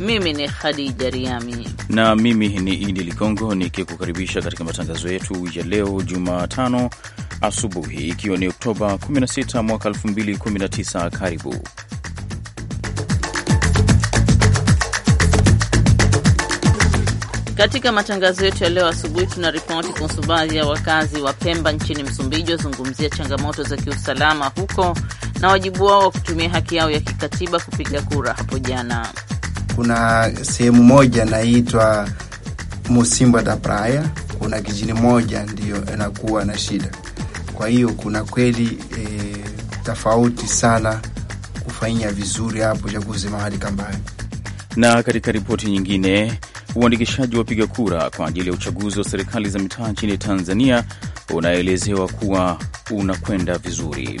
mimi ni Khadija Riami na mimi ni Idi Ligongo nikikukaribisha katika matangazo yetu ya leo Jumatano asubuhi, ikiwa ni Oktoba 16 mwaka 2019. Karibu Katika matangazo yetu ya leo asubuhi tuna ripoti kuhusu baadhi ya wakazi wa Pemba nchini Msumbiji wazungumzia changamoto za kiusalama huko na wajibu wao wa kutumia haki yao ya kikatiba kupiga kura hapo jana kuna sehemu moja naitwa Musimba da Praia, kuna kijini moja ndio inakuwa na shida. Kwa hiyo kuna kweli e, tofauti sana kufanya vizuri hapo uchaguzi mahali kambayo Na katika ripoti nyingine, uandikishaji wa wapiga kura kwa ajili ya uchaguzi wa serikali za mitaa nchini Tanzania unaelezewa kuwa unakwenda vizuri.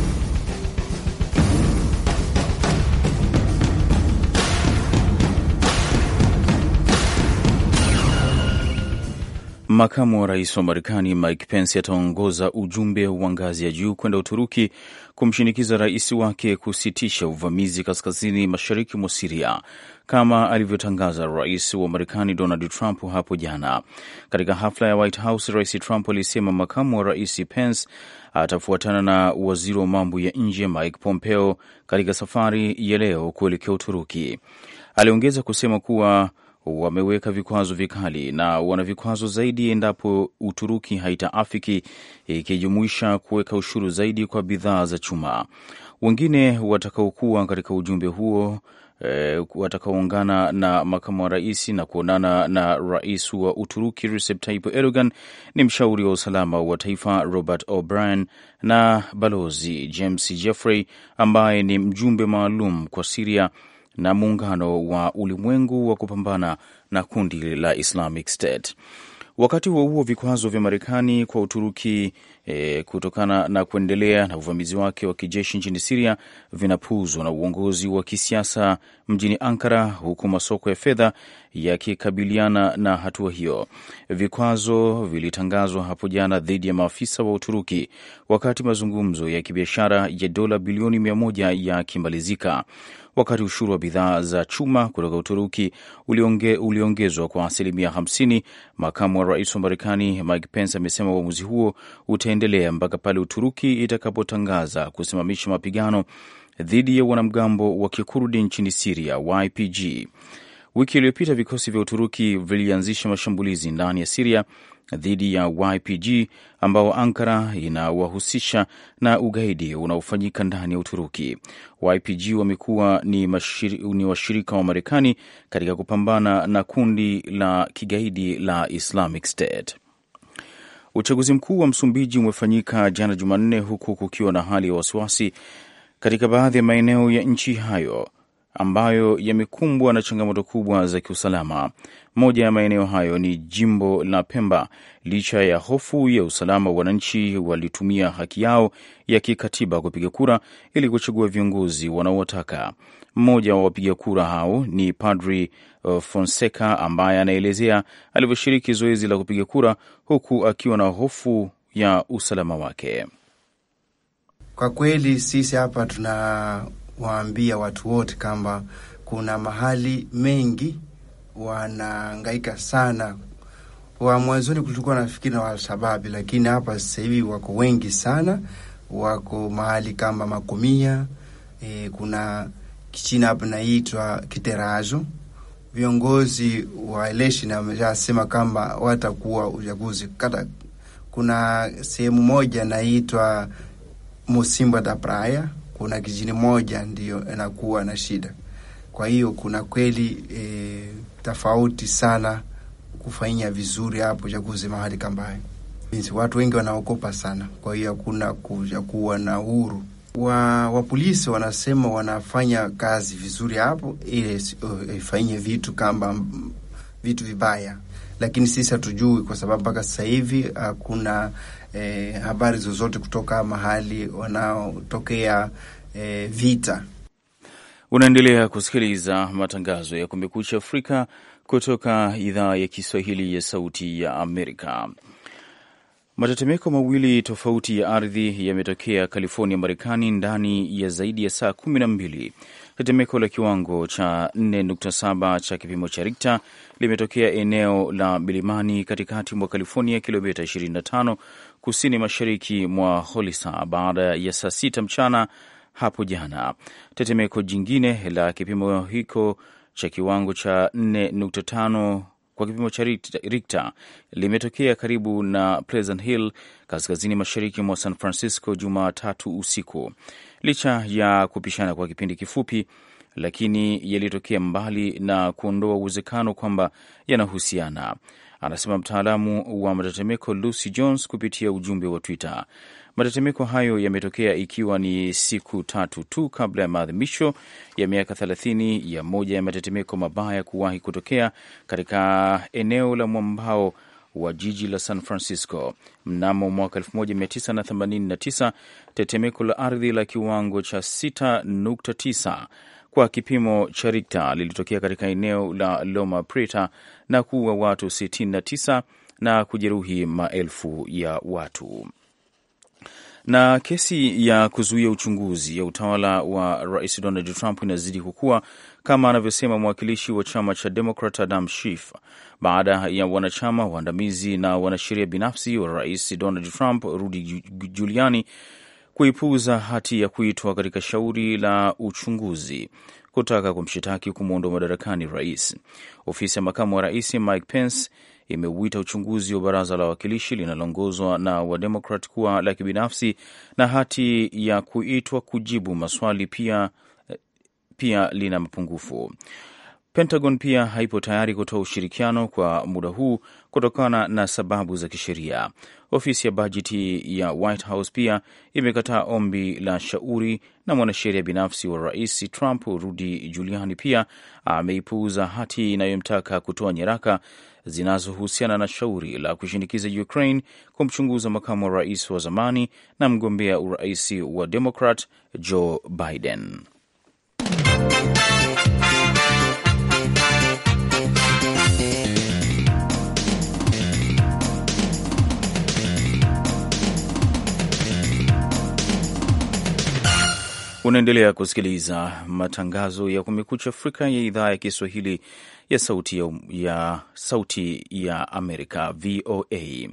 Makamu wa rais wa Marekani Mike Pence ataongoza ujumbe wa ngazi ya juu kwenda Uturuki kumshinikiza rais wake kusitisha uvamizi kaskazini mashariki mwa Siria kama alivyotangaza rais wa Marekani Donald Trump hapo jana. Katika hafla ya White House, Rais Trump alisema makamu wa rais Pence atafuatana na waziri wa mambo ya nje Mike Pompeo katika safari ya leo kuelekea Uturuki. Aliongeza kusema kuwa wameweka vikwazo vikali na wana vikwazo zaidi endapo Uturuki haitaafiki, ikijumuisha kuweka ushuru zaidi kwa bidhaa za chuma. Wengine watakaokuwa katika ujumbe huo E, watakaoungana na makamu wa rais na kuonana na rais wa Uturuki Recep Tayyip Erdogan ni mshauri wa usalama wa taifa Robert O'Brien na balozi James Jeffrey ambaye ni mjumbe maalum kwa Siria na muungano wa ulimwengu wa kupambana na kundi la Islamic State. Wakati huo huo, vikwazo vya Marekani kwa Uturuki e, kutokana na kuendelea na uvamizi wake wa kijeshi nchini Siria vinapuuzwa na uongozi wa kisiasa mjini Ankara, huku masoko ya fedha yakikabiliana na hatua hiyo. Vikwazo vilitangazwa hapo jana dhidi ya maafisa wa Uturuki wakati mazungumzo ya kibiashara ya dola bilioni mia moja yakimalizika wakati ushuru wa bidhaa za chuma kutoka Uturuki ulionge, uliongezwa kwa asilimia 50. Makamu wa rais wa Marekani Mike Pence amesema uamuzi huo uta itaendelea mpaka pale Uturuki itakapotangaza kusimamisha mapigano dhidi ya wanamgambo wa kikurdi nchini Siria, YPG. Wiki iliyopita vikosi vya Uturuki vilianzisha mashambulizi ndani ya Siria dhidi ya YPG ambao Ankara inawahusisha na ugaidi unaofanyika ndani ya Uturuki. YPG wamekuwa ni, ni washirika wa Marekani katika kupambana na kundi la kigaidi la Islamic State. Uchaguzi mkuu wa Msumbiji umefanyika jana Jumanne, huku kukiwa na hali ya wasiwasi katika baadhi ya maeneo ya nchi hayo ambayo yamekumbwa na changamoto kubwa za kiusalama. Moja ya maeneo hayo ni jimbo la Pemba. Licha ya hofu ya usalama, wananchi walitumia haki yao ya kikatiba kupiga kura ili kuchagua viongozi wanaowataka. Mmoja wa wapiga kura hao ni Padri uh, Fonseca ambaye anaelezea alivyoshiriki zoezi la kupiga kura huku akiwa na hofu ya usalama wake. Kwa kweli sisi hapa tuna waambia watu wote kwamba kuna mahali mengi wanaangaika sana. Wa mwanzoni kulikuwa nafikiri na Alshababi, lakini hapa sasa hivi wako wengi sana, wako mahali kama Makumia. E, kuna kichina naitwa Kiterazo. Viongozi wa election wameshasema kwamba watakuwa uchaguzi kata. Kuna sehemu moja naitwa Musimba da Praia kuna kijini moja ndio inakuwa na shida. Kwa hiyo kuna kweli e, tofauti sana kufanya vizuri hapo chaguzi mahali kambayo watu wengi wanaokopa sana, kwa hiyo hakuna kuwa na uhuru wa wapolisi wanasema wanafanya kazi vizuri hapo ili oh, ifanye vitu kama vitu vibaya, lakini sisi hatujui, kwa sababu mpaka sasa hivi hakuna e, habari zozote kutoka mahali wanaotokea e, vita. Unaendelea kusikiliza matangazo ya Kumekucha Afrika kutoka idhaa ya Kiswahili ya Sauti ya Amerika. Matetemeko mawili tofauti ya ardhi yametokea California, Marekani, ndani ya zaidi ya saa kumi na mbili Tetemeko la kiwango cha 4.7 cha kipimo cha Rikta limetokea eneo la milimani katikati mwa California, kilomita 25 kusini mashariki mwa holisa baada ya saa sita mchana hapo jana. Tetemeko jingine la kipimo hicho cha kiwango cha 4.5 kwa kipimo cha Rikta limetokea karibu na Pleasant Hill kaskazini mashariki mwa San Francisco Jumatatu usiku licha ya kupishana kwa kipindi kifupi, lakini yalitokea mbali na kuondoa uwezekano kwamba yanahusiana, anasema mtaalamu wa matetemeko Lucy Jones kupitia ujumbe wa Twitter. Matetemeko hayo yametokea ikiwa ni siku tatu tu kabla ya maadhimisho ya miaka 30 ya moja ya matetemeko mabaya kuwahi kutokea katika eneo la mwambao wa jiji la San Francisco. Mnamo mwaka 1989 tetemeko la ardhi la kiwango cha 6.9 kwa kipimo cha Richter lilitokea katika eneo la Loma Prieta na kuua watu 69 na kujeruhi maelfu ya watu. Na kesi ya kuzuia uchunguzi ya utawala wa Rais Donald Trump inazidi kukua kama anavyosema mwakilishi wa chama cha Demokrat Adam Schiff baada ya wanachama waandamizi na wanasheria binafsi wa rais Donald Trump Rudy Giuliani kuipuuza hati ya kuitwa katika shauri la uchunguzi kutaka kumshitaki kumwondoa madarakani rais. Ofisi ya makamu wa rais Mike Pence imeuita uchunguzi wa baraza la wawakilishi linaloongozwa na Wademokrat kuwa la kibinafsi na hati ya kuitwa kujibu maswali pia pia lina mapungufu. Pentagon pia haipo tayari kutoa ushirikiano kwa muda huu kutokana na sababu za kisheria. Ofisi ya bajeti ya White House pia imekataa ombi la shauri, na mwanasheria binafsi wa rais Trump Rudy Giuliani pia ameipuuza hati inayomtaka kutoa nyaraka zinazohusiana na shauri la kushinikiza Ukraine kumchunguza makamu wa rais wa zamani na mgombea urais wa Demokrat Joe Biden. Thank you. Unaendelea kusikiliza matangazo ya Kumekucha Afrika ya idhaa ya Kiswahili ya Sauti ya, ya, Sauti ya Amerika, VOA.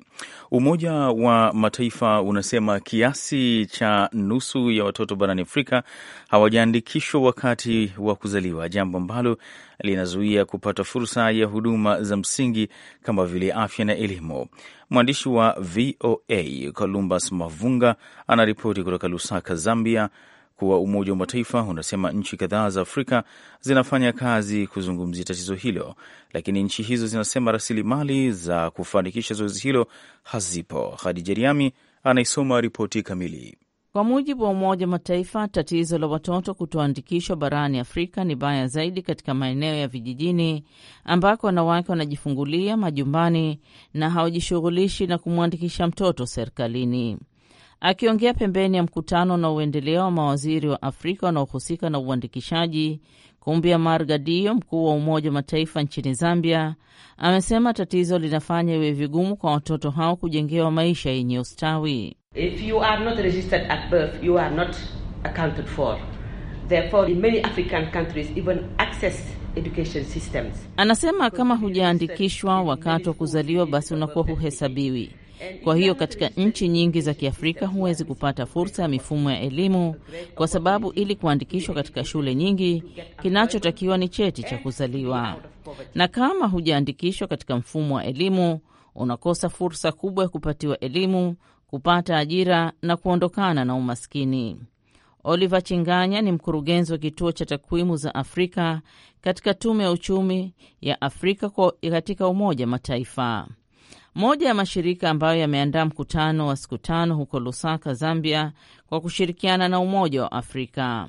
Umoja wa Mataifa unasema kiasi cha nusu ya watoto barani Afrika hawajaandikishwa wakati wa kuzaliwa, jambo ambalo linazuia kupata fursa ya huduma za msingi kama vile afya na elimu. Mwandishi wa VOA Columbus Mavunga anaripoti kutoka Lusaka, Zambia kuwa Umoja wa Mataifa unasema nchi kadhaa za Afrika zinafanya kazi kuzungumzia tatizo hilo, lakini nchi hizo zinasema rasilimali za kufanikisha zoezi hilo hazipo. Hadija Riami anaisoma ripoti kamili. Kwa mujibu wa Umoja wa Mataifa, tatizo la watoto kutoandikishwa barani Afrika ni baya zaidi katika maeneo ya vijijini ambako wanawake wanajifungulia majumbani na hawajishughulishi na kumwandikisha mtoto serikalini. Akiongea pembeni ya mkutano na uendeleo wa mawaziri wa Afrika wanaohusika na uandikishaji, kumbi ya Margadio, mkuu wa Umoja wa Mataifa nchini Zambia, amesema tatizo linafanya iwe vigumu kwa watoto hao kujengewa maisha yenye ustawi. Anasema kama hujaandikishwa wakati wa kuzaliwa, basi unakuwa huhesabiwi. Kwa hiyo katika nchi nyingi za Kiafrika huwezi kupata fursa ya mifumo ya elimu, kwa sababu ili kuandikishwa katika shule nyingi kinachotakiwa ni cheti cha kuzaliwa, na kama hujaandikishwa katika mfumo wa elimu unakosa fursa kubwa ya kupatiwa elimu, kupata ajira na kuondokana na umaskini. Oliver Chinganya ni mkurugenzi wa kituo cha takwimu za Afrika katika tume ya uchumi ya Afrika katika Umoja Mataifa. Moja ya mashirika ambayo yameandaa mkutano wa siku tano huko Lusaka, Zambia, kwa kushirikiana na Umoja wa Afrika.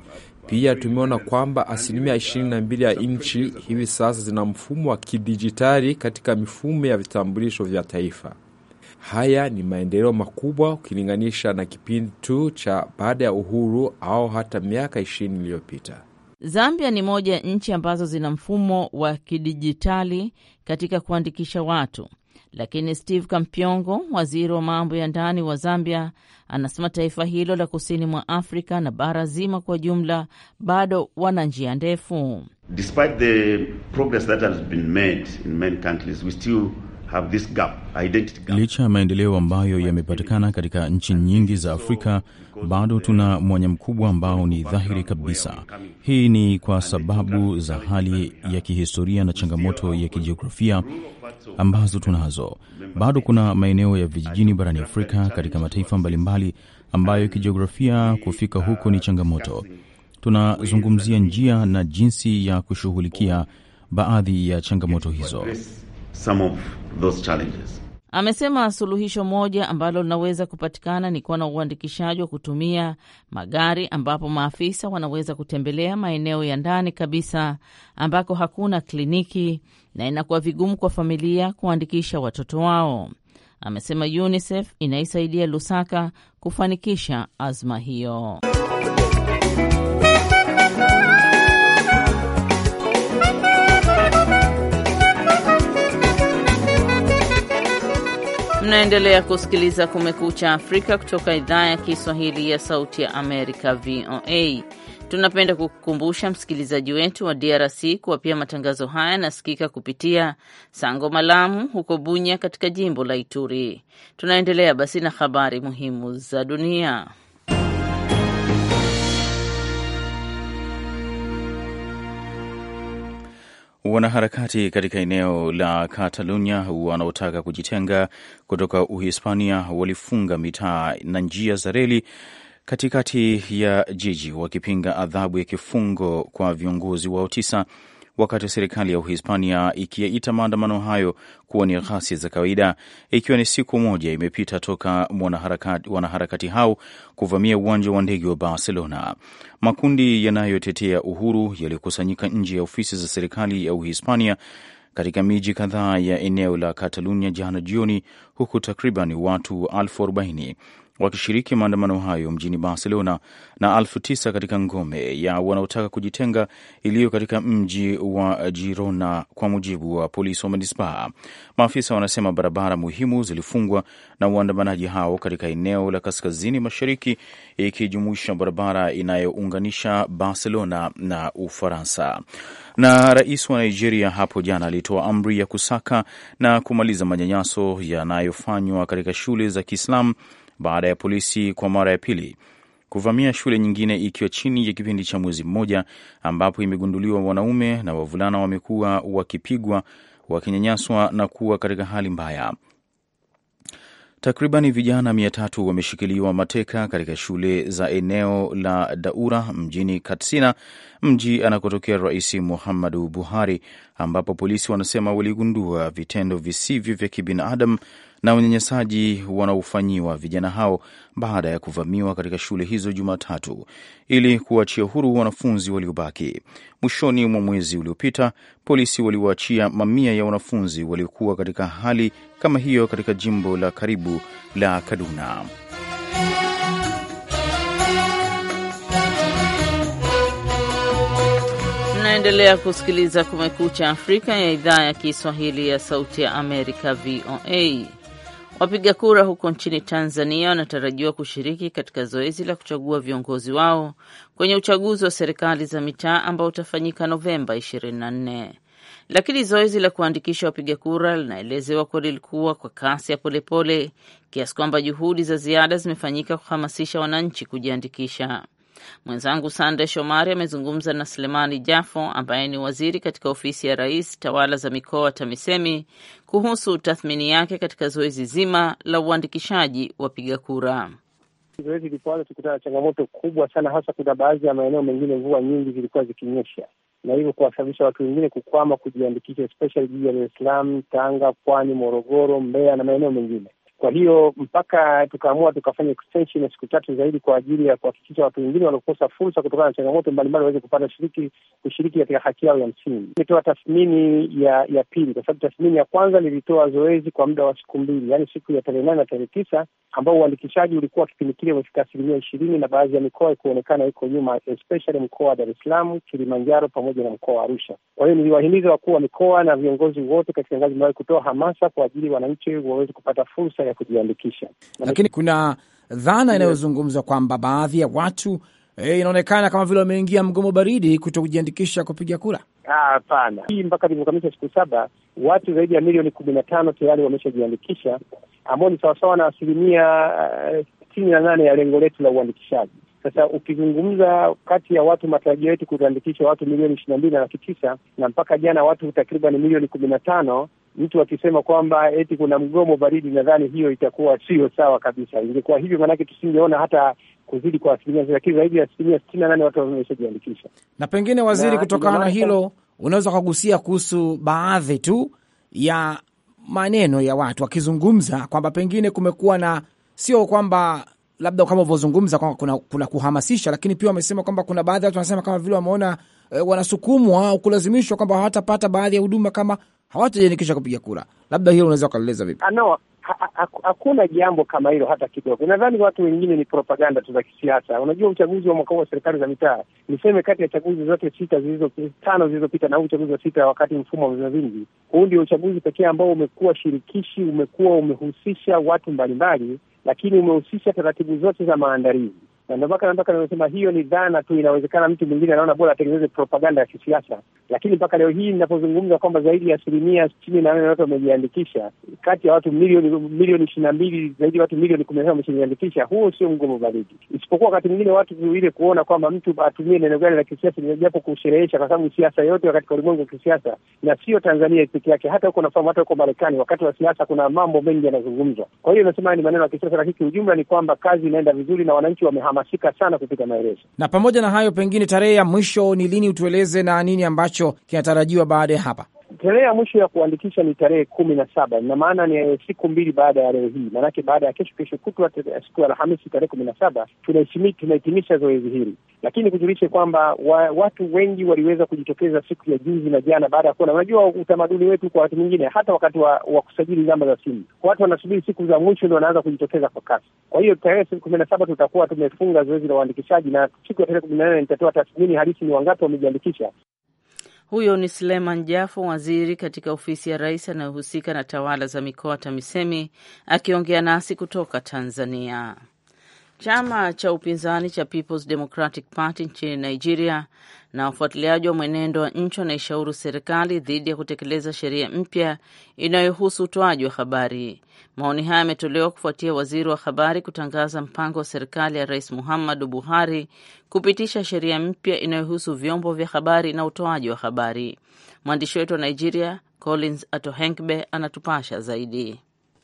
Pia tumeona kwamba asilimia 22 ya nchi hivi sasa zina mfumo wa kidijitali katika mifumo ya vitambulisho vya taifa. Haya ni maendeleo makubwa ukilinganisha na kipindi tu cha baada ya uhuru au hata miaka 20 iliyopita. Zambia ni moja ya nchi ambazo zina mfumo wa kidijitali katika kuandikisha watu lakini Steve Kampyongo, waziri wa mambo ya ndani wa Zambia, anasema taifa hilo la kusini mwa Afrika na bara zima kwa jumla bado wana njia ndefu. Licha ya maendeleo ambayo yamepatikana katika nchi nyingi za Afrika, bado tuna mwanya mkubwa ambao ni dhahiri kabisa. Hii ni kwa sababu za hali ya kihistoria na changamoto ya kijiografia ambazo tunazo. Bado kuna maeneo ya vijijini barani Afrika katika mataifa mbalimbali ambayo kijiografia kufika huko ni changamoto. Tunazungumzia njia na jinsi ya kushughulikia baadhi ya changamoto hizo. Amesema suluhisho moja ambalo linaweza kupatikana ni kuwa na uandikishaji wa kutumia magari ambapo maafisa wanaweza kutembelea maeneo ya ndani kabisa ambako hakuna kliniki na inakuwa vigumu kwa familia kuandikisha watoto wao. Amesema UNICEF inaisaidia Lusaka kufanikisha azma hiyo. Mnaendelea kusikiliza Kumekucha Afrika kutoka idhaa ya Kiswahili ya Sauti ya Amerika, VOA. Tunapenda kukukumbusha msikilizaji wetu wa DRC kuwa pia matangazo haya yanasikika kupitia Sango Malamu huko Bunya katika jimbo la Ituri. Tunaendelea basi na habari muhimu za dunia. Wanaharakati katika eneo la Katalunya wanaotaka kujitenga kutoka Uhispania walifunga mitaa na njia za reli katikati ya jiji wakipinga adhabu ya kifungo kwa viongozi wao tisa, wakati serikali ya Uhispania ikiyaita maandamano hayo kuwa ni ghasia za kawaida, ikiwa ni siku moja imepita toka wanaharakati, hao kuvamia uwanja wa ndege wa Barcelona. Makundi yanayotetea uhuru yaliyokusanyika nje ya ofisi za serikali ya Uhispania katika miji kadhaa ya eneo la katalunia jana jioni, huku takriban watu elfu arobaini wakishiriki maandamano hayo mjini Barcelona na elfu tisa katika ngome ya wanaotaka kujitenga iliyo katika mji wa Girona, kwa mujibu wa polisi wa manispaa. Maafisa wanasema barabara muhimu zilifungwa na waandamanaji hao katika eneo la kaskazini mashariki, ikijumuisha barabara inayounganisha Barcelona na Ufaransa. Na rais wa Nigeria hapo jana alitoa amri ya kusaka na kumaliza manyanyaso yanayofanywa katika shule za Kiislamu baada ya polisi kwa mara ya pili kuvamia shule nyingine ikiwa chini ya kipindi cha mwezi mmoja, ambapo imegunduliwa wanaume na wavulana wamekuwa wakipigwa, wakinyanyaswa na kuwa katika hali mbaya. Takribani vijana mia tatu wameshikiliwa mateka katika shule za eneo la Daura mjini Katsina, mji anakotokea Rais Muhammadu Buhari, ambapo polisi wanasema waligundua vitendo visivyo vya kibinadamu na unyanyasaji wanaofanyiwa vijana hao baada ya kuvamiwa katika shule hizo Jumatatu ili kuwaachia huru wanafunzi waliobaki. Mwishoni mwa mwezi uliopita, polisi waliwaachia mamia ya wanafunzi waliokuwa katika hali kama hiyo katika jimbo la karibu la Kaduna. Naendelea kusikiliza Kumekucha Afrika ya idhaa ya Kiswahili ya Sauti ya Amerika, VOA. Wapiga kura huko nchini Tanzania wanatarajiwa kushiriki katika zoezi la kuchagua viongozi wao kwenye uchaguzi wa serikali za mitaa ambao utafanyika Novemba 24. Lakini zoezi la kuandikisha wapiga kura linaelezewa kuwa lilikuwa kwa kasi ya polepole kiasi kwamba juhudi za ziada zimefanyika kuhamasisha wananchi kujiandikisha. Mwenzangu Sande Shomari amezungumza na Selemani Jafo ambaye ni waziri katika ofisi ya Rais, tawala za mikoa, TAMISEMI, kuhusu tathmini yake katika zoezi zima la uandikishaji wapiga kura. Zoezi lilipoanza tukutana na changamoto kubwa sana, hasa kuna baadhi ya maeneo mengine mvua nyingi zilikuwa zikinyesha na hivyo kuwasababisha watu wengine kukwama kujiandikisha, especially jiji ya Dar es Salaam, Tanga, Pwani, Morogoro, Mbeya na maeneo mengine. Kwa hiyo mpaka tukaamua tukafanya extension ya siku tatu zaidi kwa ajili ya kuhakikisha watu wengine wanaokosa fursa kutokana na changamoto mbalimbali waweze kupata shiriki kushiriki katika haki yao ya msingi. Imetoa tathmini ya ya pili, kwa sababu tathmini ya kwanza lilitoa zoezi kwa muda wa siku mbili, yaani siku ya tarehe nane na tarehe tisa ambao uandikishaji ulikuwa kipindi kile umefika asilimia ishirini na baadhi ya mikoa ikuonekana iko nyuma, especially mkoa wa Dar es Salaam, Kilimanjaro pamoja na mkoa wa Arusha. Kwa hiyo niliwahimiza wakuu wa mikoa na viongozi wote katika ngazi mbalimbali kutoa hamasa kwa ajili wananchi waweze kupata fursa ya kujiandikisha. Lakini kuna dhana inayozungumzwa kwamba baadhi ya watu E, inaonekana kama vile wameingia mgomo baridi kuto kujiandikisha kupiga kura. Ah, hapana, hii mpaka ilivyokamilisha siku saba, watu zaidi ya milioni kumi na tano tayari wameshajiandikisha, ambao ni sawasawa na asilimia eh, sitini uh, na nane ya lengo letu la uandikishaji. Sasa ukizungumza kati ya watu matarajio yetu kuandikisha watu milioni ishirini na mbili na laki tisa na mpaka jana watu takriban milioni kumi na tano mtu akisema kwamba eti kuna mgomo baridi, nadhani hiyo itakuwa sio sawa kabisa. Ingekuwa hivyo, maanake tusingeona hata kuzidi kwa asilimia, lakini zaidi ya asilimia sitini na nane watu wameshajiandikisha. Na pengine, waziri, kutokana na hilo, unaweza ukagusia kuhusu baadhi tu ya maneno ya watu wakizungumza kwamba pengine kumekuwa na sio kwamba labda kama ulivyozungumza kwamba kuna, kuna kuhamasisha, lakini pia wamesema kwamba kuna baadhi ya watu wanasema kama vile wameona Eh, wanasukumwa au kulazimishwa kwamba hawatapata baadhi ya huduma kama hawatajiandikisha kupiga kura. Labda hilo unaweza ukaeleza vipi? Ah, no, hakuna jambo kama hilo hata kidogo. Nadhani watu wengine ni propaganda tu za kisiasa. Unajua, uchaguzi wa mwaka huu wa serikali za mitaa, niseme kati ya chaguzi zote sita zilizo tano zilizopita na huu uchaguzi wa sita, wakati mfumo wa vyama vingi, huu ndio uchaguzi pekee ambao umekuwa shirikishi, umekuwa umehusisha watu mbalimbali, lakini umehusisha taratibu zote za maandalizi na ndio mpaka mpaka nimesema hiyo ni dhana tu. Inawezekana mtu mwingine anaona bora atengeneze propaganda ya kisiasa, lakini mpaka leo hii ninapozungumza kwamba zaidi ya asilimia sitini na nane watu wamejiandikisha, kati ya watu milioni milioni ishirini na mbili zaidi ya watu milioni kumi na wamejiandikisha. Huo sio mgomo baridi, isipokuwa wakati mwingine watu ile kuona kwamba mtu atumie neno gani la kisiasa, japo kusherehesha, kwa sababu siasa yote katika ulimwengu wa kisiasa, na sio Tanzania peke yake, hata huko nafahamu, hata huko Marekani, wakati wa siasa kuna mambo mengi yanazungumzwa. Kwa hiyo inasema ni maneno ya kisiasa, lakini kiujumla ni kwamba kazi inaenda vizuri na wananchi wamehama kuhamasika sana kupita maelezo. Na pamoja na hayo, pengine tarehe ya mwisho ni lini, utueleze na nini ambacho kinatarajiwa baada ya hapa? Tarehe ya mwisho ya kuandikisha ni tarehe kumi na saba ina maana ni siku mbili baada ya leo hii, maanake baada ya kesho, kesho kutwa, siku ya Alhamisi tarehe kumi na saba tunahitimisha zoezi hili, lakini kujulishe kwamba wa, watu wengi waliweza kujitokeza siku ya juzi na jana, baada ya kuona, unajua utamaduni wetu kwa watu mwingine, hata wakati wa, wa kusajili namba za simu watu wanasubiri siku za mwisho ndio wanaanza kujitokeza kwa kasi. Kwa hiyo tarehe kumi na saba tutakuwa tumefunga zoezi la uandikishaji, na siku ya tarehe kumi na nane nitatoa tathmini halisi ni wangapi wamejiandikisha. Huyo ni Suleiman Jafo, waziri katika ofisi ya rais anayohusika na tawala za mikoa TAMISEMI, akiongea nasi kutoka Tanzania. Chama cha upinzani cha Peoples Democratic Party nchini Nigeria na wafuatiliaji wa mwenendo wa nchi wanaishauru serikali dhidi ya kutekeleza sheria mpya inayohusu utoaji wa habari. Maoni haya yametolewa kufuatia waziri wa habari kutangaza mpango wa serikali ya Rais Muhammadu Buhari kupitisha sheria mpya inayohusu vyombo vya habari na utoaji wa habari. Mwandishi wetu wa Nigeria Collins Atohenkbe anatupasha zaidi.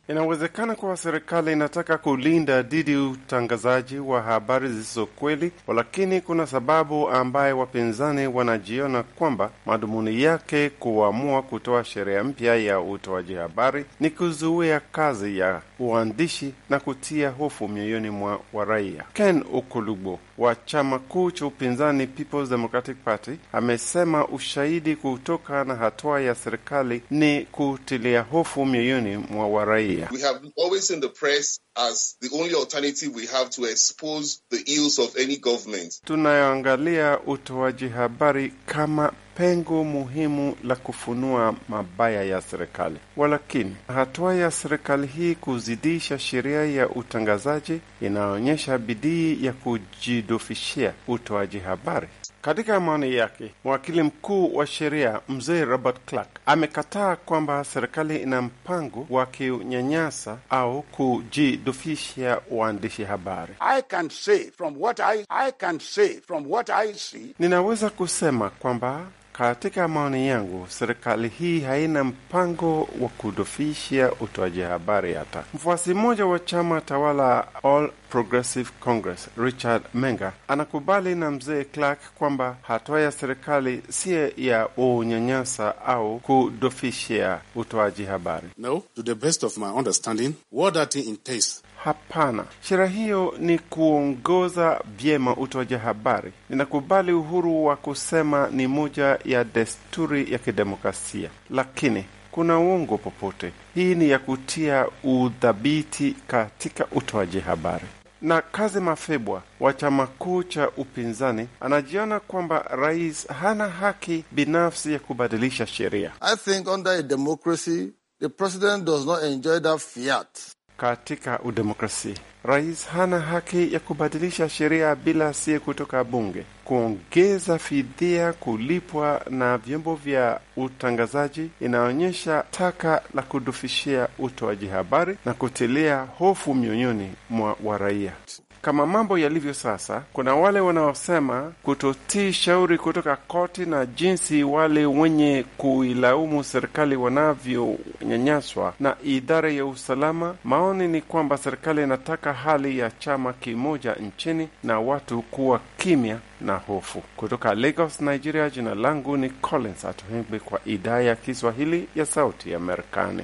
Inawezekana kuwa serikali inataka kulinda dhidi utangazaji wa habari zisizo kweli, lakini kuna sababu ambaye wapinzani wanajiona kwamba madhumuni yake kuamua kutoa sheria mpya ya utoaji habari ni kuzuia kazi ya uandishi na kutia hofu mioyoni mwa waraia. Ken Okulubo wa chama kuu cha upinzani People's Democratic Party amesema ushahidi kutoka na hatua ya serikali ni kutilia hofu mioyoni mwa waraia. We have always in the press as the only alternative we have to expose the ills of any government. Tunayoangalia utoaji habari kama pengo muhimu la kufunua mabaya ya serikali. Walakini, hatua ya serikali hii kuzidisha sheria ya utangazaji inaonyesha bidii ya kujidofishia utoaji habari. Katika maoni yake, mwakili mkuu wa sheria mzee Robert Clark amekataa kwamba serikali ina mpango wa kunyanyasa au kujidufisha waandishi habari. Ninaweza kusema kwamba katika maoni yangu, serikali hii haina mpango wa kudofisha utoaji habari. Hata mfuasi mmoja wa chama tawala All Progressive Congress Richard Menga anakubali na mzee Clark kwamba hatua ya serikali si ya unyanyasa au kudofisha utoaji habari. No, to the best of my understanding, what that entails Hapana, sheria hiyo ni kuongoza vyema utoaji habari. Ninakubali uhuru wa kusema ni moja ya desturi ya kidemokrasia, lakini kuna uongo popote. Hii ni ya kutia udhabiti katika utoaji habari na Kazi Mafebwa wa chama kuu cha upinzani anajiona kwamba rais hana haki binafsi ya kubadilisha sheria. I think under a democracy the president does not enjoy that fiat katika udemokrasi Rais hana haki ya kubadilisha sheria bila sie kutoka bunge, kuongeza fidia kulipwa na vyombo vya utangazaji inaonyesha taka la kudufishia utoaji habari na kutilia hofu mioyoni mwa waraia. Kama mambo yalivyo sasa, kuna wale wanaosema kutotii shauri kutoka koti na jinsi wale wenye kuilaumu serikali wanavyonyanyaswa na idara ya usalama. Maoni ni kwamba serikali inataka hali ya chama kimoja nchini na watu kuwa kimya na hofu. Kutoka Lagos, Nigeria, jina langu ni Collins Atohengwi kwa idhaa ya Kiswahili ya Sauti ya Marekani.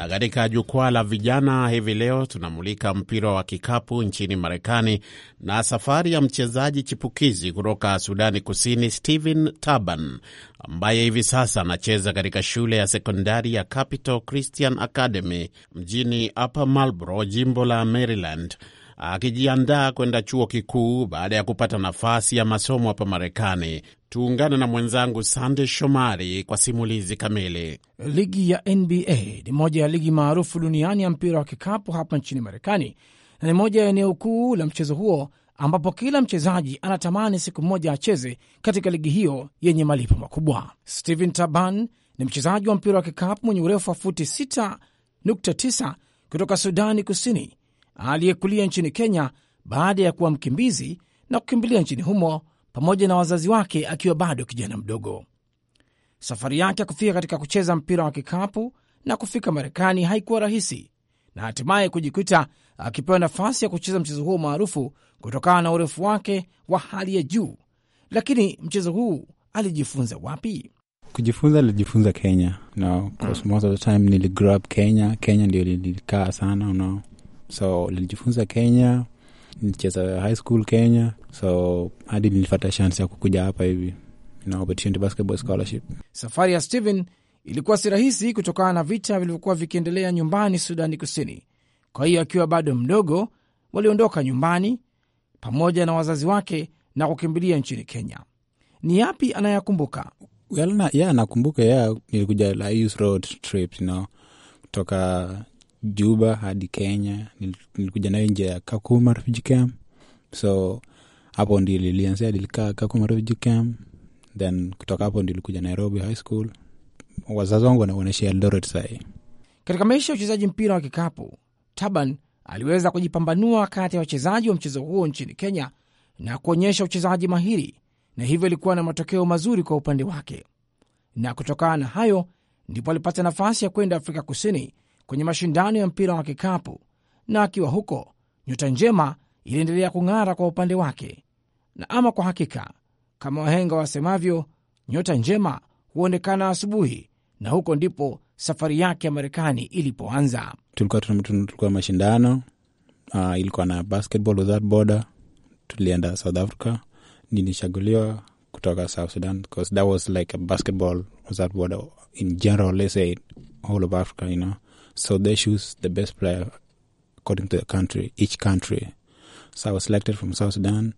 Na katika jukwaa la vijana hivi leo tunamulika mpira wa kikapu nchini Marekani na safari ya mchezaji chipukizi kutoka Sudani Kusini Stephen Taban ambaye hivi sasa anacheza katika shule ya sekondari ya Capital Christian Academy mjini Upper Marlboro, jimbo la Maryland, akijiandaa kwenda chuo kikuu baada ya kupata nafasi ya masomo hapa Marekani Tuungane na mwenzangu Sande Shomari kwa simulizi kamili. Ligi ya NBA ni moja ya ligi maarufu duniani ya mpira wa kikapu hapa nchini Marekani, na ni moja ya eneo kuu la mchezo huo ambapo kila mchezaji anatamani siku moja acheze katika ligi hiyo yenye malipo makubwa. stephen Taban ni mchezaji wa mpira wa kikapu mwenye urefu wa futi 6.9 kutoka Sudani Kusini aliyekulia nchini Kenya baada ya kuwa mkimbizi na kukimbilia nchini humo pamoja na wazazi wake akiwa bado kijana mdogo. Safari yake ya kufika katika kucheza mpira wa kikapu na kufika Marekani haikuwa rahisi na hatimaye kujikuta akipewa nafasi ya kucheza mchezo huo maarufu kutokana na urefu wake wa hali ya juu. Lakini mchezo huu alijifunza wapi? Kujifunza alijifunza Kenya no, mm. most of the time niligrow up Kenya. Kenya ndio lilikaa sana no, so nilijifunza Kenya nicheza high school Kenya, so hadi nilipata chance ya kukuja hapa hivi na opportunity basketball scholarship. Safari ya Steven ilikuwa si rahisi kutokana na vita vilivyokuwa vikiendelea nyumbani Sudani Kusini. Kwa hiyo akiwa bado mdogo, waliondoka nyumbani pamoja na wazazi wake na kukimbilia nchini Kenya. Ni yapi anayakumbuka? Well, na, yeah, nakumbuka yeah, nilikuja la youth road trip you know, kutoka Juba hadi Kenya. Nilikuja nayo nje ya Kakuma refugee camp, so hapo ndi lilianzia, lilikaa Kakuma refugee camp, then kutoka hapo ndi likuja Nairobi high school. Wazazi wangu wanaishi Eldoret sahii. Katika maisha ya uchezaji mpira wa kikapu, Taban aliweza kujipambanua kati ya wachezaji wa mchezo huo nchini Kenya na kuonyesha uchezaji mahiri, na hivyo ilikuwa na matokeo mazuri kwa upande wake, na kutokana na hayo ndipo alipata nafasi ya kwenda Afrika Kusini kwenye mashindano ya mpira wa kikapu, na akiwa huko nyota njema iliendelea kung'ara kwa upande wake. Na ama kwa hakika, kama wahenga wasemavyo, nyota njema huonekana asubuhi, na huko ndipo safari yake ya Marekani ilipoanza. Tulikuwa tulikuwa mashindano uh, ilikuwa na basketball without border. Tulienda south Africa, nilichaguliwa kutoka south Sudan because that was like a basketball without border in general, let's say all of Africa, you know So they choose the best player according to the country, each country. So I was selected from South Sudan.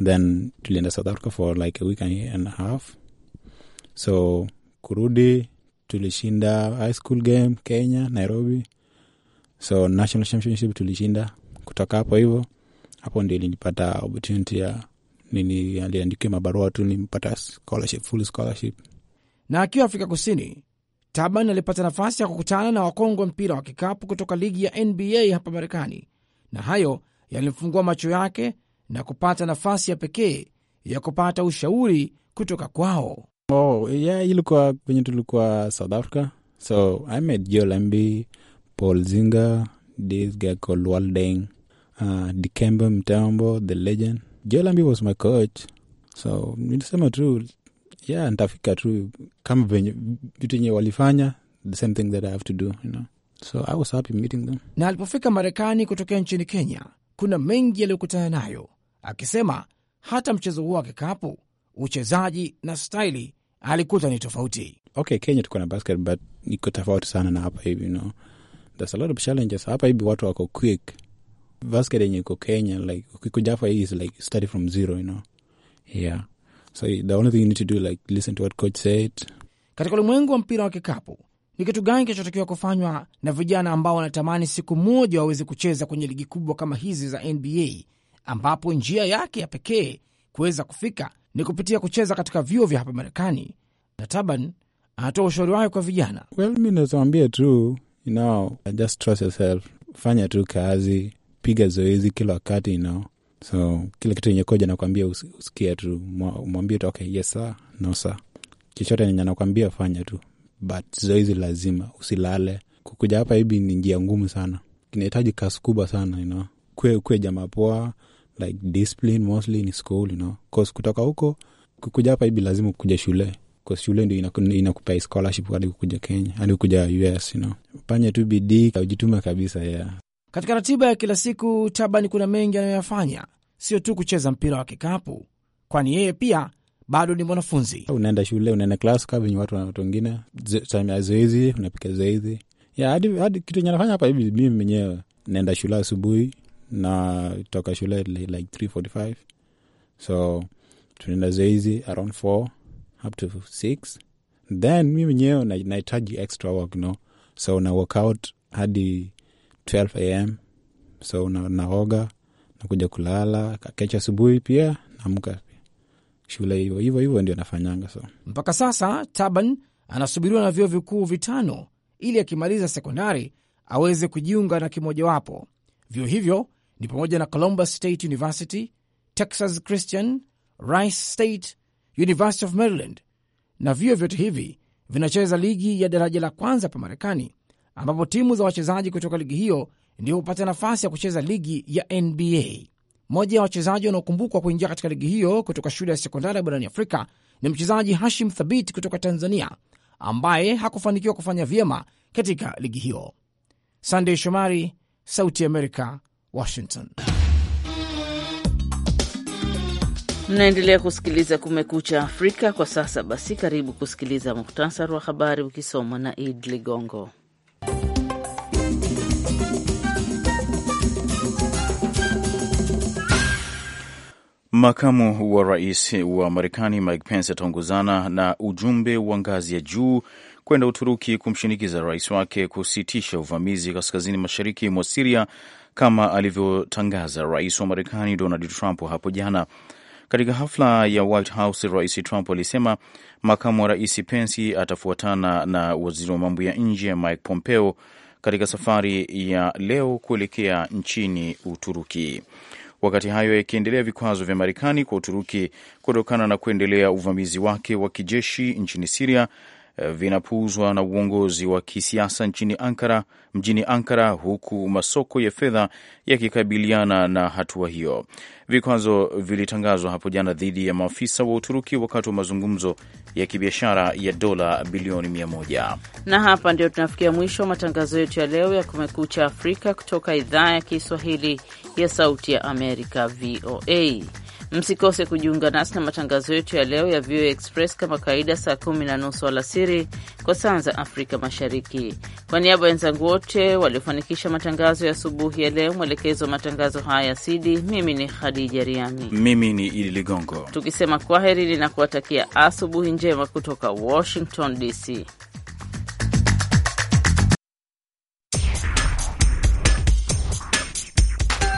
Then tulienda South Africa for like a week and a half. So kurudi tulishinda high school game Kenya, Nairobi. So national championship tulishinda. Kutoka hapo hivyo, hapo ndio ilinipata opportunity ya nini, aliandikia mabarua tu nimpata scholarship, full scholarship. Na akiwa Afrika Kusini Taban alipata nafasi ya kukutana na wakongwe mpira wa kikapu kutoka ligi ya NBA hapa Marekani, na hayo yalimfungua macho yake na kupata nafasi ya pekee ya kupata ushauri kutoka kwao. Oh, yeah, ilikuwa kwenye tulikuwa South Africa, so I met Joel Embiid, Paul Zinger, this guy called Waldeng, uh, Dikembe Mutombo, the legend. Joel Embiid was my coach, so nilisema tu yeah, ntafika tu kama venye vitu yenye walifanya the same thing that I have to do you know? So I was happy meeting them. Na alipofika Marekani kutokea nchini Kenya, kuna mengi yaliyokutana nayo, akisema hata mchezo huo wa kikapu, uchezaji na staili alikuta ni tofauti. Okay, Kenya tuko na basket but iko tofauti sana na hapa hivi you know? There's a lot of challenges hapa hivi, watu wako quick. Basket yenye iko Kenya like ukikuja hapa hii is like study from zero you know? yeah So the only thing you need to do like listen to what coach said. Katika ulimwengu wa mpira wa kikapu, ni kitu gani kinachotakiwa kufanywa na vijana ambao wanatamani siku moja waweze kucheza kwenye ligi kubwa kama hizi za NBA, ambapo njia yake ya pekee kuweza kufika ni kupitia kucheza katika vyuo vya hapa Marekani? Na Taban anatoa ushauri wake kwa vijana. Well, mi nazoambia tu you know, just trust yourself, fanya tu kazi, piga zoezi kila wakati you know. So kila kitu yenye koja nakwambia usikie tu, mwambie tu okay, yes sir, no sir. Chochote enye nakwambia fanya tu, but zoezi lazima, usilale. Kukuja hapa hivi ni njia ngumu sana, inahitaji kasi kubwa sana you know? Kwe, kwe jamaa poa like discipline mostly ni school you know? Cause kutoka huko kukuja hapa hivi lazima kuja shule shule ndio inakupa ina scholarship hadi kukuja Kenya hadi kukuja US you know? Fanye tu bidii, ujitume kabisa yeah. Katika ratiba ya kila siku, Tabani kuna mengi anayoyafanya, sio tu kucheza mpira wa kikapu, kwani yeye pia bado ni mwanafunzi. Unaenda shule, unaenda klas ka venye watu watu wengine, zoezi, unapika zoezi ya hadi hadi kitu enye anafanya hapa hivi. Mimi mwenyewe naenda shule asubuhi na toka shule like 345 so tunaenda zoezi around 4 up to 6 then mi mwenyewe nahitaji extra work no, so na workout hadi 12 am so na, naoga nakuja kulala, kesho asubuhi pia naamka shule hivo hivo hivo ndio nafanyanga So mpaka sasa Taban anasubiriwa na vyuo vikuu vitano ili akimaliza sekondari aweze kujiunga na kimojawapo. Vyuo hivyo ni pamoja na Columbus State University, Texas Christian, Rice State, University of Maryland, na vyuo vyote hivi vinacheza ligi ya daraja la kwanza pa Marekani ambapo timu za wachezaji kutoka ligi hiyo ndio hupata nafasi ya kucheza ligi ya NBA. Mmoja ya wachezaji wanaokumbukwa kuingia katika ligi hiyo kutoka shule ya sekondari barani Afrika ni mchezaji Hashim Thabit kutoka Tanzania, ambaye hakufanikiwa kufanya vyema katika ligi hiyo. Sandey Shomari, Sauti america Washington. Mnaendelea kusikiliza Kumekucha Afrika kwa sasa. Basi karibu kusikiliza muhtasari wa habari ukisomwa na Id Ligongo. Makamu wa rais wa Marekani Mike Pence ataongozana na ujumbe wa ngazi ya juu kwenda Uturuki kumshinikiza rais wake kusitisha uvamizi kaskazini mashariki mwa Siria kama alivyotangaza rais wa Marekani Donald Trump hapo jana. Katika hafla ya White House, Rais Trump alisema makamu wa rais Pence atafuatana na waziri wa mambo ya nje Mike Pompeo katika safari ya leo kuelekea nchini Uturuki. Wakati hayo yakiendelea, vikwazo vya Marekani kwa Uturuki kutokana na kuendelea uvamizi wake wa kijeshi nchini Siria Eh, vinapuuzwa na uongozi wa kisiasa nchini Ankara, mjini Ankara, huku masoko ya fedha yakikabiliana na hatua hiyo. Vikwazo vilitangazwa hapo jana dhidi ya maafisa wa Uturuki wakati wa mazungumzo ya kibiashara ya dola bilioni 1 Na hapa ndio tunafikia mwisho wa matangazo yetu ya leo ya Kumekucha Afrika kutoka idhaa ya Kiswahili ya Sauti ya Amerika, VOA. Msikose kujiunga nasi na matangazo yetu ya leo ya VOA Express kama kawaida, saa kumi na nusu alasiri kwa saa za Afrika Mashariki. Kwa niaba ya wenzangu wote waliofanikisha matangazo ya asubuhi ya leo, mwelekezo wa matangazo haya ya Sidi, mimi ni Khadija Riami, mimi ni Idi Ligongo, tukisema kwaheri na kuwatakia asubuhi njema kutoka Washington DC.